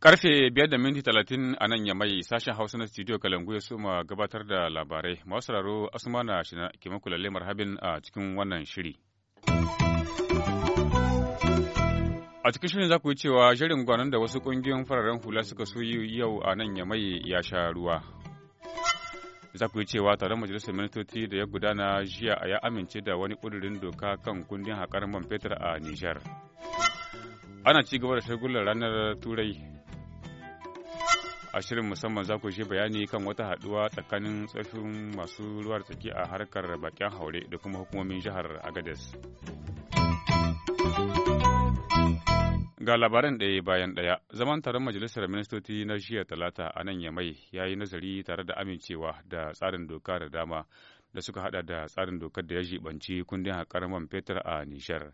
karfe biyar da minti talatin a nan ya mai sashen hausa na studio kalangu ya soma gabatar da labarai masu sauraro asmana shina ke muku marhabin a cikin wannan shiri A cikin shirin za ku yi cewa shirin gwanon da wasu ƙungiyoyin fararen hula suka so yau a nan ya mai ya sha ruwa. za ku yi cewa taron majalisar ministoci da ya gudana jiya a ya amince da wani ƙudurin doka kan kundin haƙar man fetur a Nijar. Ana ci gaba da shagular ranar Turai. A shirin musamman za ku shi bayani kan wata haɗuwa tsakanin tsafin masu ruwar tsaki a harkar bakin haure da kuma hukumomin jihar Agadez. Ga labaran ɗaya bayan ɗaya, zaman taron Majalisar Ministoci na jiya Talata a nan Yamai ya yi nazari tare da amincewa da tsarin doka da dama da suka hada da tsarin dokar da ya jibanci kundin haƙar man fetur a Nijar.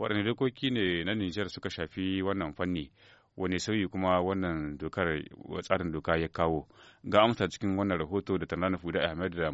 Waɗanne dokoki ne na Nijar suka shafi wannan fanni, wani sauyi kuma wannan dokar tsarin doka ya kawo. ga amsa cikin wannan rahoto da tanana fuda ahmed da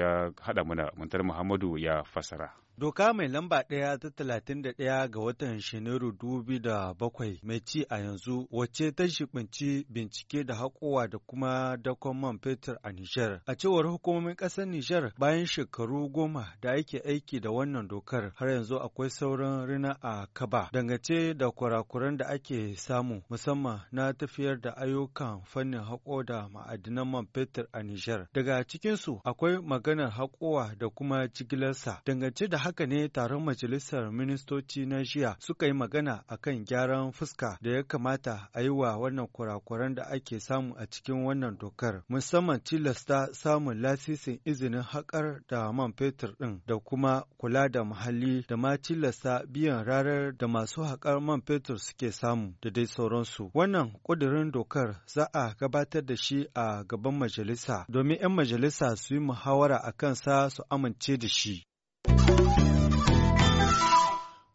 ya haɗa mana muntar muhammadu ya fasara. Doka mai lamba ɗaya ta talatin da ɗaya ga watan Shanairu dubi da bakwai mai ci a yanzu wacce ta shibinci bincike da haƙowa da kuma dakon man fetur a Nijar. A cewar hukumomin ƙasar Nijar bayan shekaru goma da ake aiki da wannan dokar har yanzu akwai sauran rina a kaba Dangace da kurakuran da ake samu musamman na tafiyar da ayyukan fannin haƙo da ma'adinan man fetur a Nijar. Daga cikinsu akwai maganar haƙowa da kuma jigilarsa. Dangance da haka ne taron majalisar ministoci na jiya suka yi magana akan gyaran fuska da ya kamata a yi wa wannan kurakuran da ake samu a cikin wannan dokar, musamman tilasta samun lasisin izinin haƙar da man fetur ɗin da kuma kula da muhalli da ma tilasta biyan rarar da masu haƙar man fetur suke samu da dai sauransu. Wannan ƙudurin dokar za a gabatar da shi a gaban majalisa domin 'yan majalisa su yi muhawara a kansa su amince da shi.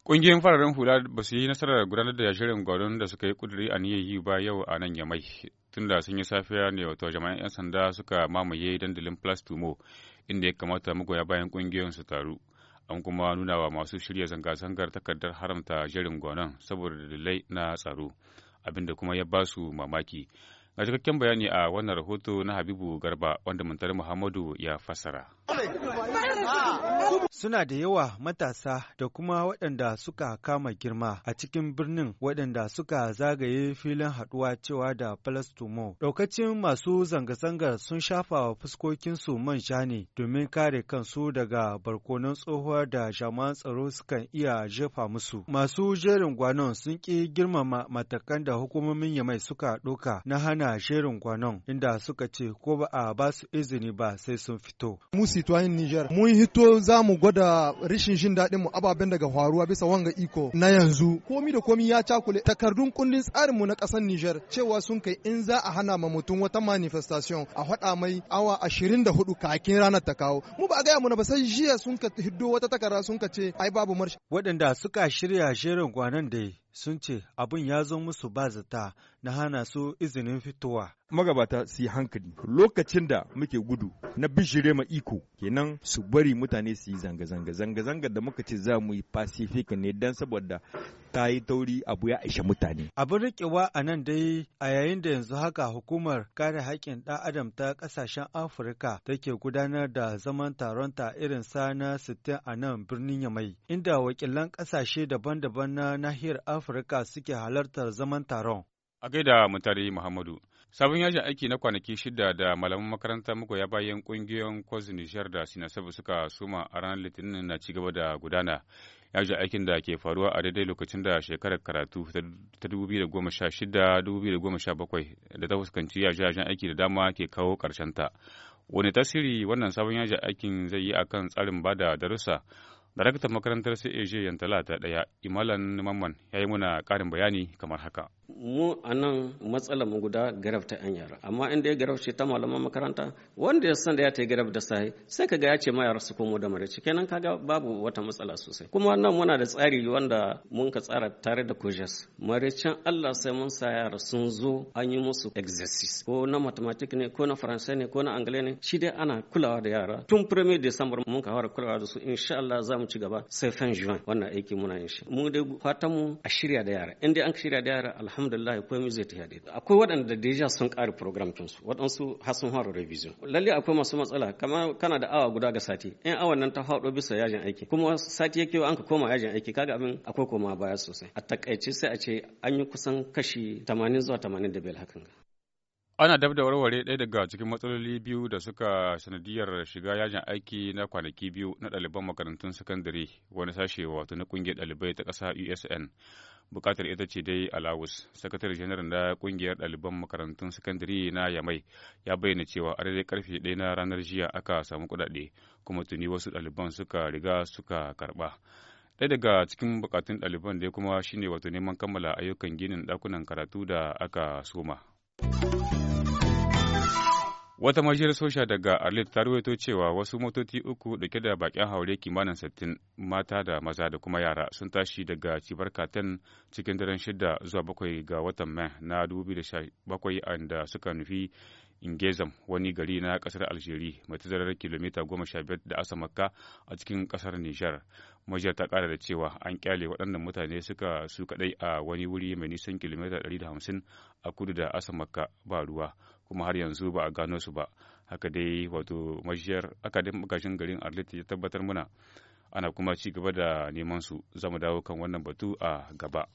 Ƙungiyoyin fararen hula ba su yi nasarar gudanar da shirin gwadon da suka yi ƙuduri a niyyar yi ba yau a nan Yamai, tunda sun yi safiya ne wato jama'an 'yan sanda suka mamaye dandalin Plus inda ya kamata magoya bayan ƙungiyoyin su taru. An kuma nuna wa masu shirya zanga-zangar takardar haramta jerin gwanon saboda dalilai na tsaro, abinda kuma ya ba su mamaki. A cikakken bayani a wannan rahoto na Habibu Garba wanda Muntari Muhammadu ya fassara. Suna da yawa matasa da kuma waɗanda suka kama girma a cikin birnin waɗanda suka zagaye filin haɗuwa cewa da falastomo Ɗaukacin masu zanga-zangar sun shafa wa fuskokinsu man ne domin kare kansu daga barkonon tsohuwar da jaman tsaro sukan iya jefa musu. Masu jerin gwanon sun ƙi girmama matakan da hukumomin Yamai suka ɗauka na hana jerin gwanon inda suka ce ko ba a ba su izini ba sai sun fito. Musi citoyen Niger mun hito za mu gwada rashin jin daɗin mu ababen daga faruwa bisa wanga iko na yanzu komi da komi ya cakule takardun kundin tsarin mu na ƙasar Niger cewa sun kai in za a hana ma mutum wata manifestation a haɗa mai awa 24 kakin ranar ta kawo mu ba a gaya muna ba sai jiya sun ka hiddo wata takara sun ka ce ai babu marshi waɗanda suka shirya shirin kwanan da sun ce abin ya zo musu ba zata na hana su izinin fitowa. Magabata su yi hankali lokacin da muke gudu na bishire ma iko kenan su bari mutane su yi zanga-zanga zanga-zanga da muka ce za mu yi pacific ne don saboda ta yi tauri abu ya aisha mutane. Abin rikewa a nan dai a yayin da yanzu haka hukumar kare haƙƙin ɗan adam ta ƙasashen Afirka take gudanar da zaman taron ta irin sa na sittin a nan birnin Yamai, inda wakilan ƙasashe daban-daban na nahiyar Afirka suke halartar zaman taron. A gaida Mutare Muhammadu, sabon yajin aiki na kwanaki shida da malaman makaranta ya bayan kungiyoyin kwazin Nijar da Sinasabu suka suma a ranar Litinin na cigaba da gudana. yajin aikin da ke faruwa a daidai lokacin da shekarar karatu ta 2016-2017 da ta fuskanci yajin aiki da dama ke kawo karshen ta Wani tasiri wannan sabon yajin aikin zai yi akan tsarin bada darussa? Daraktan makarantar CAG Yantala ta ɗaya, Imalan Mamman ya yi muna ƙarin bayani kamar haka. mu a nan matsalar mu guda garab ta yan yara amma inda ya garab ta malaman makaranta wanda ya san da ya ta garab da sai sai kaga ya ce ma yara su komo da mare kenan kaga babu wata matsala sosai kuma nan muna da tsari wanda mun ka tsara tare da kujas marecin Allah sai mun sa yara sun zo an yi musu exercise ko na mathematics ne ko na faransai ne ko na angle ne shi dai ana kulawa da yara tun premier December mun ka fara kulawa da su insha Allah za mu ci gaba sai fin juin wannan aiki muna yin shi mu dai fatan mu a shirya da yara inda an shirya da yara alhamdulillah alhamdulillah komai zai tafi daidai akwai waɗanda deja sun ƙare program kinsu waɗansu har sun fara revision lalle akwai masu matsala kamar kana da awa guda ga sati in awan nan ta faɗo bisa yajin aiki kuma sati yake an ka koma yajin aiki kaga abin akwai koma baya sosai a takaice sai a ce an yi kusan kashi 80 zuwa bil hakan Ana dab da warware ɗaya daga cikin matsaloli biyu da suka sanadiyar shiga yajin aiki na kwanaki biyu na ɗaliban makarantun sakandare wani sashe wato na ƙungiyar ɗalibai ta ƙasa USN. Bukatar ita ce dai Alawus, sakatare janar na ƙungiyar ɗaliban makarantun sakandare na Yamai ya bayyana cewa a daidai karfe ɗaya na ranar jiya aka samu kuɗaɗe kuma tuni wasu ɗaliban suka riga suka karɓa. ɗaya daga cikin bukatun ɗaliban da kuma shine wato neman kammala ayyukan ginin ɗakunan karatu da aka soma. Wata majiyar soja daga Arlit ta ruwaito cewa wasu motoci uku ke da bakin haure kimanin sittin mata da maza da kuma yara sun tashi daga cibar katon cikin daren shida zuwa bakwai ga watan Mai na 2017 inda suka nufi Ingezam wani gari na kasar aljeri mai tazarar kilomita goma sha biyar da Asamaka a cikin kasar Nijar. Majiyar ta kara da cewa an kyale waɗannan mutane suka su kaɗai a wani wuri mai nisan kilomita ɗari da hamsin a kudu da Asamaka ba ruwa. kuma har yanzu ba a gano su ba haka dai wato majiyar akadin magajin garin arlit ya tabbatar mana ana kuma ci gaba da neman su za mu dawo kan wannan batu a gaba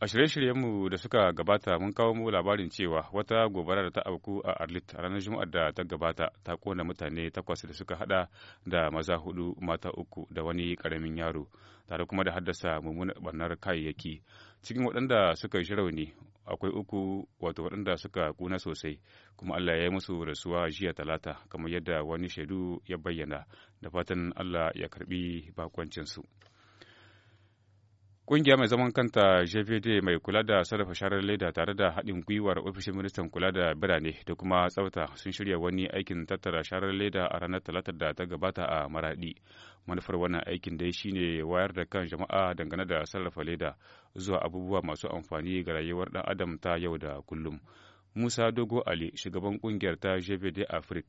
a shirye-shiryenmu da suka gabata mun kawo mu labarin cewa wata gobara da ta auku a arlit a ranar juma'ar da ta gabata ta kona mutane takwas da suka hada da maza hudu mata uku da wani karamin yaro tare kuma da haddasa mummunan barnar kayayyaki cikin waɗanda suka yi rauni akwai uku wato waɗanda suka kuna sosai kuma Allah ya yi musu rasuwa jiya talata kamar yadda wani shaidu ya bayyana da fatan Allah ya karbi bakoncinsu. Ƙungiya mai zaman kanta JVD mai kula da sarrafa sharar leda tare da haɗin gwiwar ofishin ministan kula da birane da kuma tsafta sun shirya wani aikin tattara sharar leda a ranar talata da ta gabata a Maraɗi. Manufar wannan aikin dai shine wayar da kan jama'a dangane da sarrafa leda zuwa abubuwa masu amfani ga rayuwar ɗan adam ta yau da kullum. Musa Dogo Ali, shugaban ƙungiyar ta JVD Africa,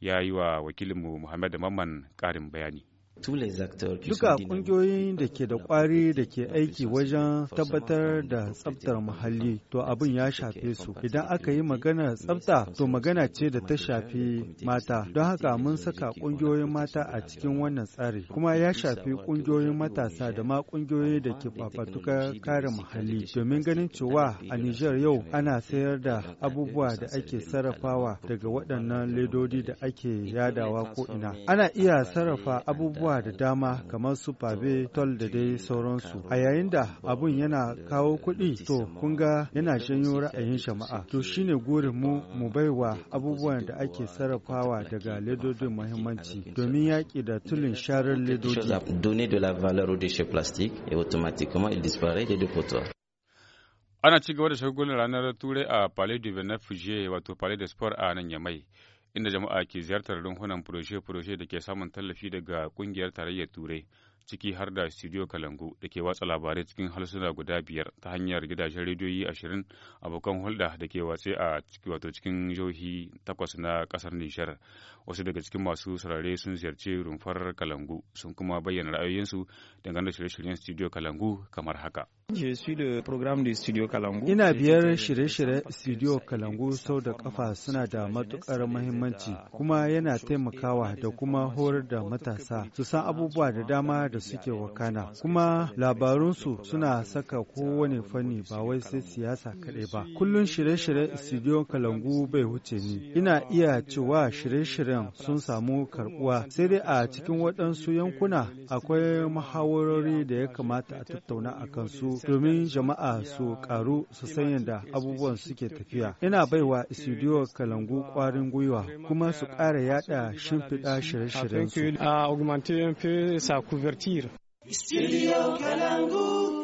ya yi wa wakilinmu Muhammad mamman ƙarin bayani. Duka kungiyoyin da ke da kwari da ke aiki wajen tabbatar da tsabtar muhalli to abin ya shafe su. Idan aka yi maganar tsabta to magana ce da ta shafi mata. Don haka mun saka kungiyoyin mata a cikin wannan tsari kuma ya shafi kungiyoyin matasa da ma kungiyoyi da ke fafatuka kare muhalli domin ganin cewa a Nijar yau ana sayar da abubuwa da ake sarrafawa daga waɗannan ledodi da ake yadawa ko ina. Ana iya sarrafa abubuwa abubuwa da dama kamar su fabe tol da dai sauransu a yayin da abun yana kawo kuɗi to kun ga yana janyo ra'ayin jama'a to shine gurin mu mu baiwa abubuwan da ake sarrafawa daga ledodin muhimmanci domin yaƙi da tulin sharar ledodi ana ci gaba da shagunan ranar turai a palais de benefuge wato palais de sport a nan yamai inda jama'a ke ziyartar rumfunan furoshe-furoshe da ke samun tallafi daga kungiyar tarayyar turai ciki har da studio kalangu da ke watsa labarai cikin halsuna guda biyar ta hanyar gidajen rediyoyi ashirin abokan hulɗa da ke watse a wato cikin jihohi takwas na ƙasar nishar wasu daga cikin masu saurare sun ziyarci rumfar kalangu sun kuma bayyana ra'ayoyinsu dangane da shirye-shiryen studio kalangu kamar haka ina biyar shirye-shiryen studio kalangu sau da kafa suna da matukar mahimmanci kuma yana taimakawa da kuma horar da matasa su san abubuwa da dama da suke wakana kuma labarunsu suna saka kowane fanni ba wai sai siyasa kaɗai ba kullum shirye-shiryen studio kalangu bai wuce ni ina iya cewa shirye-shiryen Adam sun samu karbuwa sai dai a cikin waɗansu yankuna akwai mahawarori da ya kamata a tattauna a kansu domin jama'a su karu su san yadda abubuwan suke tafiya. Ina baiwa Isidiyo Kalangu kwarin gwiwa kuma su ƙara yada shimfiɗa shirye-shiryen su. Studio Kalangu.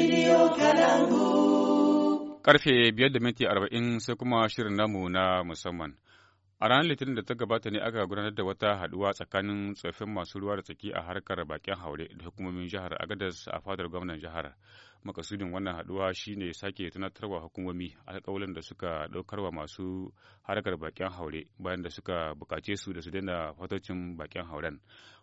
Radio Kalangu. Karfe biyar da minti arba'in sai kuma shirin namu na musamman. A ranar Litinin da ta gabata ne aka gudanar da wata haduwa tsakanin tsofaffin masu ruwa da tsaki a harkar bakin haure da hukumomin jihar Agadas a fadar gwamnan jihar. Makasudin wannan haduwa shine sake tunatarwa hukumomi alkawalin da suka ɗaukarwa masu harkar bakin haure bayan da suka bukace su da su daina fatocin bakin hauren.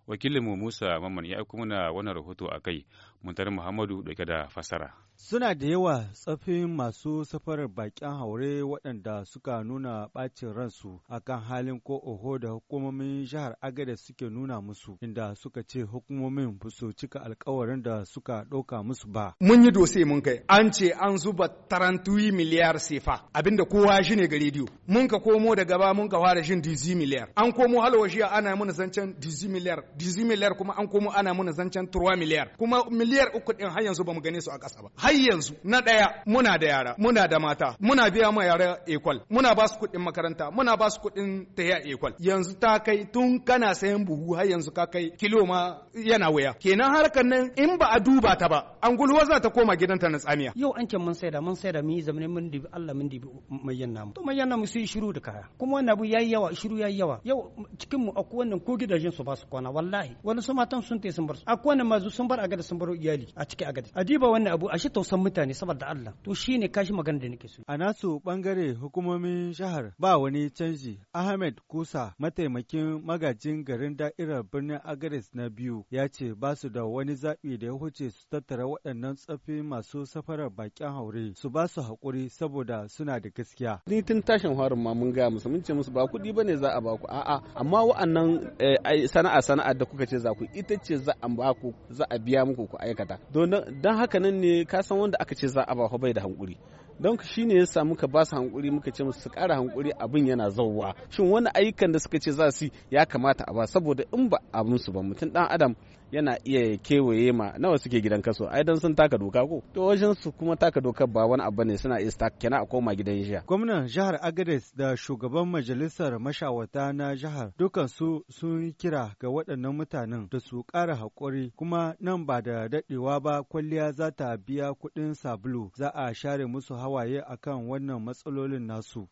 wakilinmu musa maman ya aiko mana wannan rahoto a kai muntar muhammadu ɗauke da fasara Suna da yawa tsafin masu safarar bakin haure waɗanda suka nuna ɓacin ransu akan halin ko oho da hukumomin jihar Agada suke nuna musu inda suka ce hukumomin ba su cika alkawarin da suka ɗauka musu ba. Mun yi dose mun kai an ce an zuba tarantuyi miliyar sefa abinda kowa shi ne ga rediyo. Mun ka komo da gaba mun ka fara shin dizi miliyar. An komo shi ana mana zancen dizi miliyar dizi miliyar kuma an komo ana mana zancen turwa miliyar kuma miliyar uku ɗin har yanzu ba mu gane su a ƙasa ba. har yanzu na ɗaya muna da yara muna da mata muna biya ma yara ekwal muna ba su kuɗin makaranta muna ba su kuɗin taya ekwal yanzu ta kai tun kana sayan buhu har yanzu ka kai kilo ma yana waya kenan harkar nan in ba a duba ta ba an gulwa za ta koma gidanta na tsamiya yau an mun da mun saida mu yi zamanin mun dibi Allah mun dibi mayyan namu to mayyan namu sai shiru da kaya kuma wannan abu yayi yawa shiru yayi yawa yau cikin mu akwai wannan ko gidajen su ba su kwana wallahi wani su matan sun tai sun bar su akwai wannan mazu sun bar gada sun bar iyali a ciki agada adiba wannan abu a shi tausan mutane saboda Allah to shine kashi magana da nake so a nasu bangare hukumomin shahar ba wani canji Ahmed Kusa mataimakin magajin garin da'irar birnin Agares na biyu ya ce ba su da wani zaɓi da ya huce su tattara waɗannan tsafi masu safarar bakin haure su ba su haƙuri saboda suna da gaskiya ni tun tashin harin ma mun gaya musu mun ce musu ba kuɗi bane za a ba a'a amma wa'annan eh, sana'a sana'a da kuka ce za ku ita ce za a ba za a biya muku ku aikata don haka nan ne ka san wanda aka ce za a ba bai da hankuri don shi ya samu ka ba su hankuri muka ce musu su ƙara hankuri abin yana zauwa shin wani ayyukan da suka ce za su ya kamata a ba saboda in ba abin su ba mutum dan adam yana iya kewaye ma nawa suke gidan kaso ai dan sun taka doka ko to wajen su kuma taka dokar ba wani abu ne suna iya kenan a koma gidan jiya gwamnan jihar agades da shugaban majalisar mashawata na jihar dukan su sun kira ga waɗannan mutanen da su ƙara haƙuri kuma nan ba da daɗewa ba kwalliya za ta biya kuɗin sabulu za a share musu hawaye akan wannan matsalolin nasu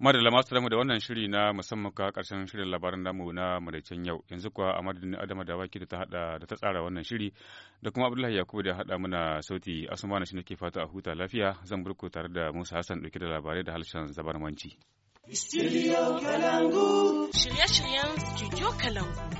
Madalla masu da wannan shiri na musamman ka karshen shirin labaran namu na maraicen yau yanzu kuwa a madadin Adama da waki da ta hada da ta tsara wannan shiri da kuma Abdullahi Yakubu da hada mana sauti asuma shi nake fata a huta lafiya zan burko tare da Musa Hassan dauke da labarai da harshen zabarmanci. Studio shirye-shiryen Studio Kalangu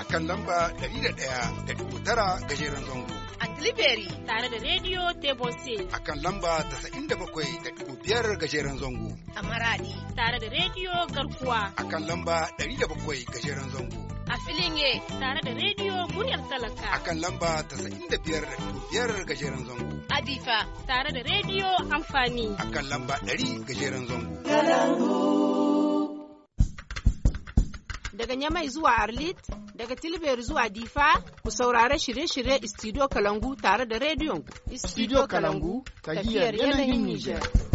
a kan lamba ga gajeren zango. A Tilibiri tare da Radio Table A kan lamba 97.5 gajeren zango. A Maradi tare da Radio Garkuwa. A kan lamba 107 gajeren zango. A Filinge tare da Radio Muryar Talaka. A kan lamba 95.5 gajeren zango. A Difa tare da Radio Amfani. A kan lamba 100 gajeren zango. Kalangu. daga Nyamai zuwa Arlit, daga Tilber zuwa Difa, ku saurare shirye-shirye studio Kalangu tare da rediyon Studio Kalangu, tahiyar yanayin Nijar.